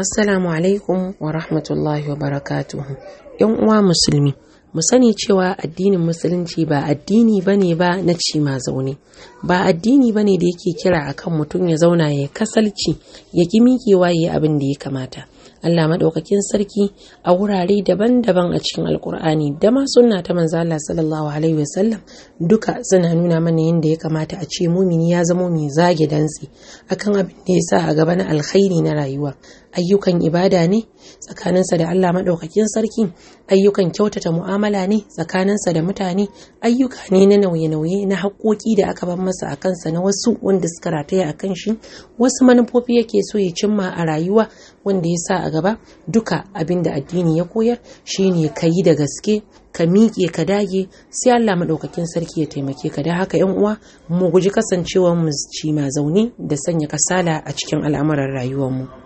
Assalamu alaikum wa rahmatullahi wa barakatuhu. ‘Yan uwa musulmi, mu sani cewa addinin musulunci ba addini ba ne ba na ci ma zaune ba addini ba ne da yake kira akan mutum ya zauna ya kasalci ya ki miƙewa ya abin da ya kamata Allah maɗaukakin sarki a wurare daban-daban a cikin alkur'ani da ma sunna ta manzo Allah sallallahu alaihi wasallam duka suna nuna mana yadda ya kamata a ce mumini ya zamo mai zage dantsi akan abin da ya sa a gaba na alkhairi na rayuwa ayyukan ibada ne tsakaninsa da Allah maɗaukakin sarki ayyukan kyautata mu'amala mu'amala ne tsakaninsa da mutane ayyuka ne na nauye-nauye na haƙoƙi da aka bar masa a kansa na wasu wanda suka rataya a kan shi wasu manufofi yake so ya cimma a rayuwa wanda ya sa a gaba duka abin da addini ya koyar shine ka yi da gaske ka miƙe ka dage sai Allah maɗaukakin sarki ya taimake ka da haka yan uwa mu guji kasancewa mu ci ma zaune da sanya kasala a cikin al'amuran rayuwarmu. mu